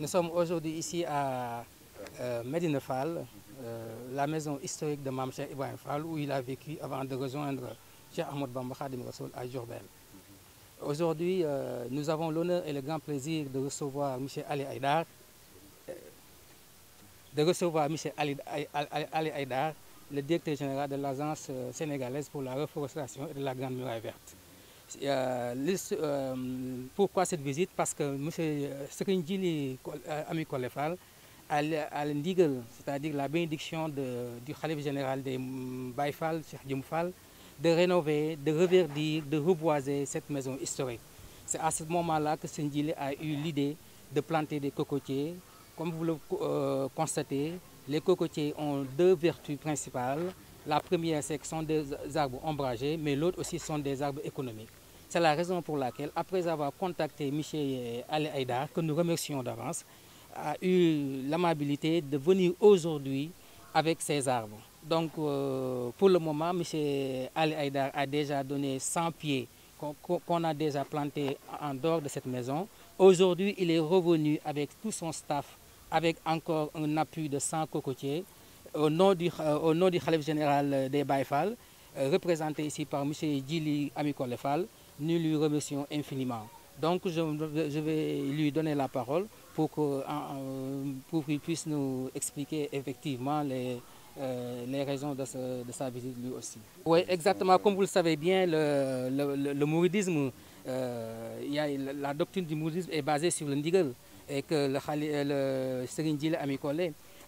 Nous sommes aujourd'hui ici à euh, euh la maison historique de Mamcher Ibrahim Fall, où il a vécu avant de rejoindre Cheikh Ahmed Bamba Khadim à Djourbel. Aujourd'hui, euh, nous avons l'honneur et le grand plaisir de recevoir M. Ali Haïdar, de recevoir M. Ali, Ali Haïdar, le directeur général de l'Agence euh, sénégalaise pour la reforestation et de la Grande Muraille Verte. Euh, euh, pourquoi cette visite Parce que M. Sekindjili Ami Kolefal a l'indigal, c'est-à-dire la bénédiction de, du Khalif général des Baïfal, Cheikh fal de rénover, de reverdir, de reboiser cette maison historique. C'est à ce moment-là que Sindjili a eu l'idée de planter des cocotiers. Comme vous le euh, constatez, les cocotiers ont deux vertus principales. La première, c'est que ce sont des arbres ombragés, mais l'autre aussi sont des arbres économiques. C'est la raison pour laquelle, après avoir contacté Michel euh, Ali Haïdar, que nous remercions d'avance, a eu l'amabilité de venir aujourd'hui avec ses arbres. Donc, euh, pour le moment, monsieur Ali Haïdar a déjà donné 100 pieds qu'on a déjà plantés en dehors de cette maison. Aujourd'hui, il est revenu avec tout son staff, avec encore un appui de 100 cocotiers, au nom du, euh, au nom du Khalif général euh, des Baïfal, représenté ici par M. Djili Amikolefal, nous lui remercions infiniment. Donc je, je vais lui donner la parole pour qu'il qu puisse nous expliquer effectivement les, euh, les raisons de, ce, de, sa visite lui aussi. Oui, exactement. Comme vous le savez bien, le, le, le mouridisme, euh, y a, la doctrine du mouridisme est basée sur le Ndigal et que le, euh, le Serindil Amikole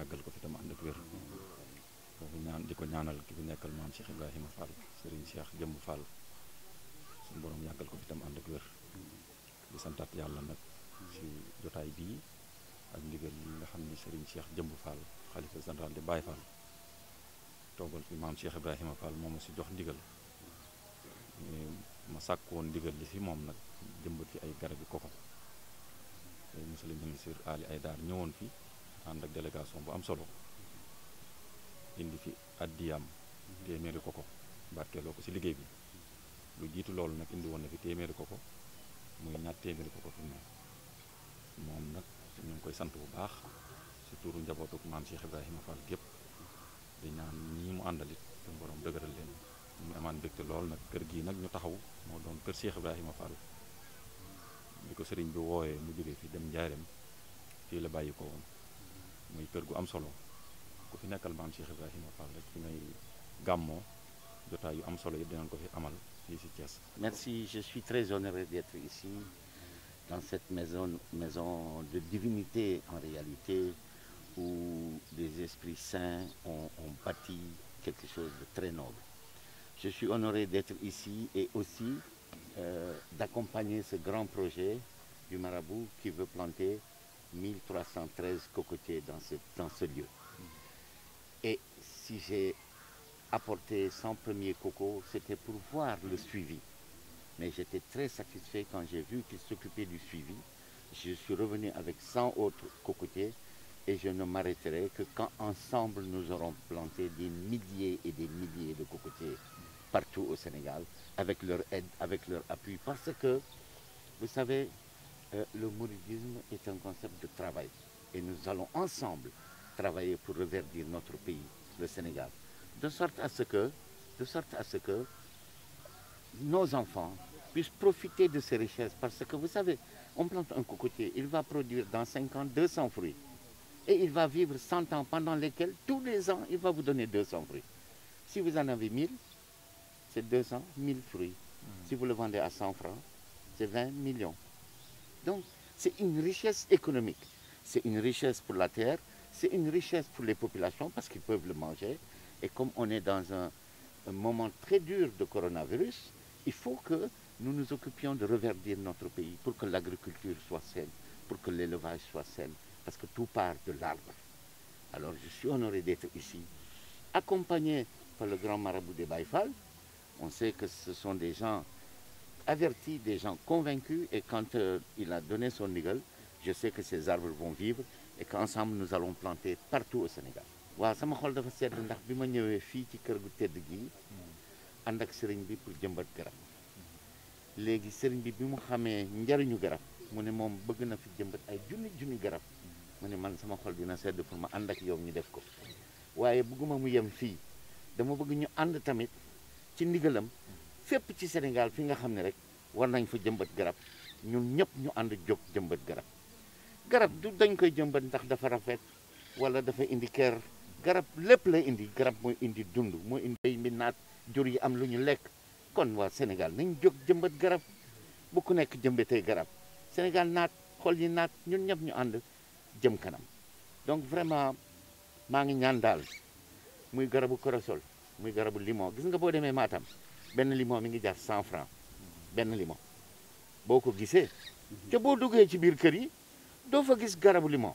yàggal ko fi tam ànd ak wér ñaan di ko nekkal maam Cheikh Ibrahima Fall Serigne Cheikh Jëmb Fall suñu borom yàggal ko fi tam ànd ak wér di santaat yàlla nag ci jotaay bii ak ndigal li nga xam ni Serigne seex Jëmb Fall xalifa général di Baye Fall toogal fi maam Cheikh Ibrahima Fall moom ma si jox ndigal ma sàkkoon ndigal li si moom nag jëmbat fi ay garabi koko te monsieur le ministre Ali Aydar ñëwoon fi ànd ak délégation bu am solo indi fi addiyam téeméeri koko barkeeloo ko si liggéey bi lu jiitu loolu nag indi woon na fi téeméeri ko muy ñaar téeméeri koko fi mu ne moom nag ñu ngi koy sant bu baax si turu njabootu maam Cheikh Ibrahima Fall gépp di ñaan ñii mu àndalit suñu borom dëgëral leen ñu amaan mbégte lool nag kër gii nag ñu taxaw moo doon kër Cheikh Ibrahima Fall bi ko sëriñ bi wooyee mu jógee fi dem njaareem fii la bàyyi ko woon muy kër gu am solo ku fi nekkal maam Cheikh Ibrahima Fall yu am solo yëpp dinañ amal fii si merci je suis très honoré d'être ici dans cette maison maison de divinité en réalité où des esprits saints ont ont bâti quelque chose de très noble je suis honoré d'être ici et aussi euh, d'accompagner ce grand projet du marabout qui veut planter 1313 cocotiers dans ce, dans ce lieu. Et si j'ai apporté 100 premiers cocos, c'était pour voir le suivi. Mais j'étais très satisfait quand j'ai vu qu'ils s'occupaient du suivi. Je suis revenu avec 100 autres cocotiers et je ne m'arrêterai que quand ensemble nous aurons planté des milliers et des milliers de cocotiers partout au Sénégal avec leur aide, avec leur appui. Parce que, vous savez, euh, le mouridisme est un concept de travail et nous allons ensemble travailler pour reverdir notre pays, le Sénégal, de sorte à ce que, de sorte à ce que nos enfants puissent profiter de ces richesses parce que vous savez, on plante un cocotier, il va produire dans 5 ans 200 fruits et il va vivre 100 ans pendant lesquels tous les ans il va vous donner 200 fruits. Si vous en avez 1000, c'est 200 000 fruits. Hmm. le vendez à 100 francs, c'est millions. Donc, c'est une richesse économique. C'est une richesse pour la terre, c'est une richesse pour les populations parce qu'ils peuvent le manger. Et comme on est dans un, un, moment très dur de coronavirus, il faut que nous nous occupions de reverdir notre pays pour que l'agriculture soit saine, pour que l'élevage soit sain, parce que tout part de l'arbre. Alors je suis honoré d'être ici, accompagné par le grand marabout des Baïfal. On sait que ce sont des gens averti des gens convaincus et quand euh, il a donné son ndigal je sais que ces arbres vont vivre et qu'ensemble nous allons planter partout au Sénégal waaw sama xol dafa sedd ndax bi ma ñëwee fii ci kër gu tedd gi ànd ak sëriñ bi pour jëmbat garab léegi sëriñ bi bi mu xamee njariñu garab mu ne moom bëgg na fi jëmbat ay junni junni garab mu ne man sama xol dina sedd pour ma ànd ak yow ñu def ko waaye bëgguma mu yem fii dama bëgg ñu ànd tamit ci ndigalam fépp ci Sénégal fi nga xam ne rek war nañ fa jëmbat garab ñun ñëpp ñu ànd jóg jëmbat garab garab dañ koy jëmbat ndax dafa rafet wala dafa indi kër garab lépp lay indi garab mooy indi dund mooy indi bay mi naat jur yi am lu ñu lekk kon waa Sénégal nañ jóg jëmbat garab bu ku nekk jëmbatee garab Sénégal naat xool yi naat ñun ñëpp ñu ànd jëm kanam donc vraiment maa ngi ñaan daal muy garabu corossol muy garabu limon gis nga boo demee Matam benn limon mi ngi jar 100 benn limon boo ko gisee te boo duggee ci biir kër yi doo fa gis garabu limon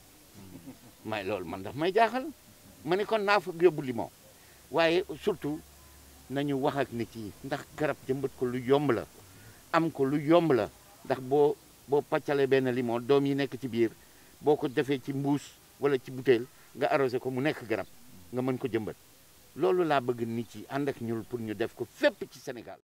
may loolu man daf may jaaxal ma ne kon naa fa yóbbu limon waaye surtout nañu wax ak nit yi ndax garab jëmbat ko lu yomb la am ko lu yomb la ndax boo boo pàccalee benn limon doom yi nekk ci biir boo ko defee ci mbuus wala ci butéel nga arrosé ko mu nekk garab nga mën ko jëmbat loolu laa bëgg nit yi ànd ak ñul pour ñu def ko fépp ci Sénégal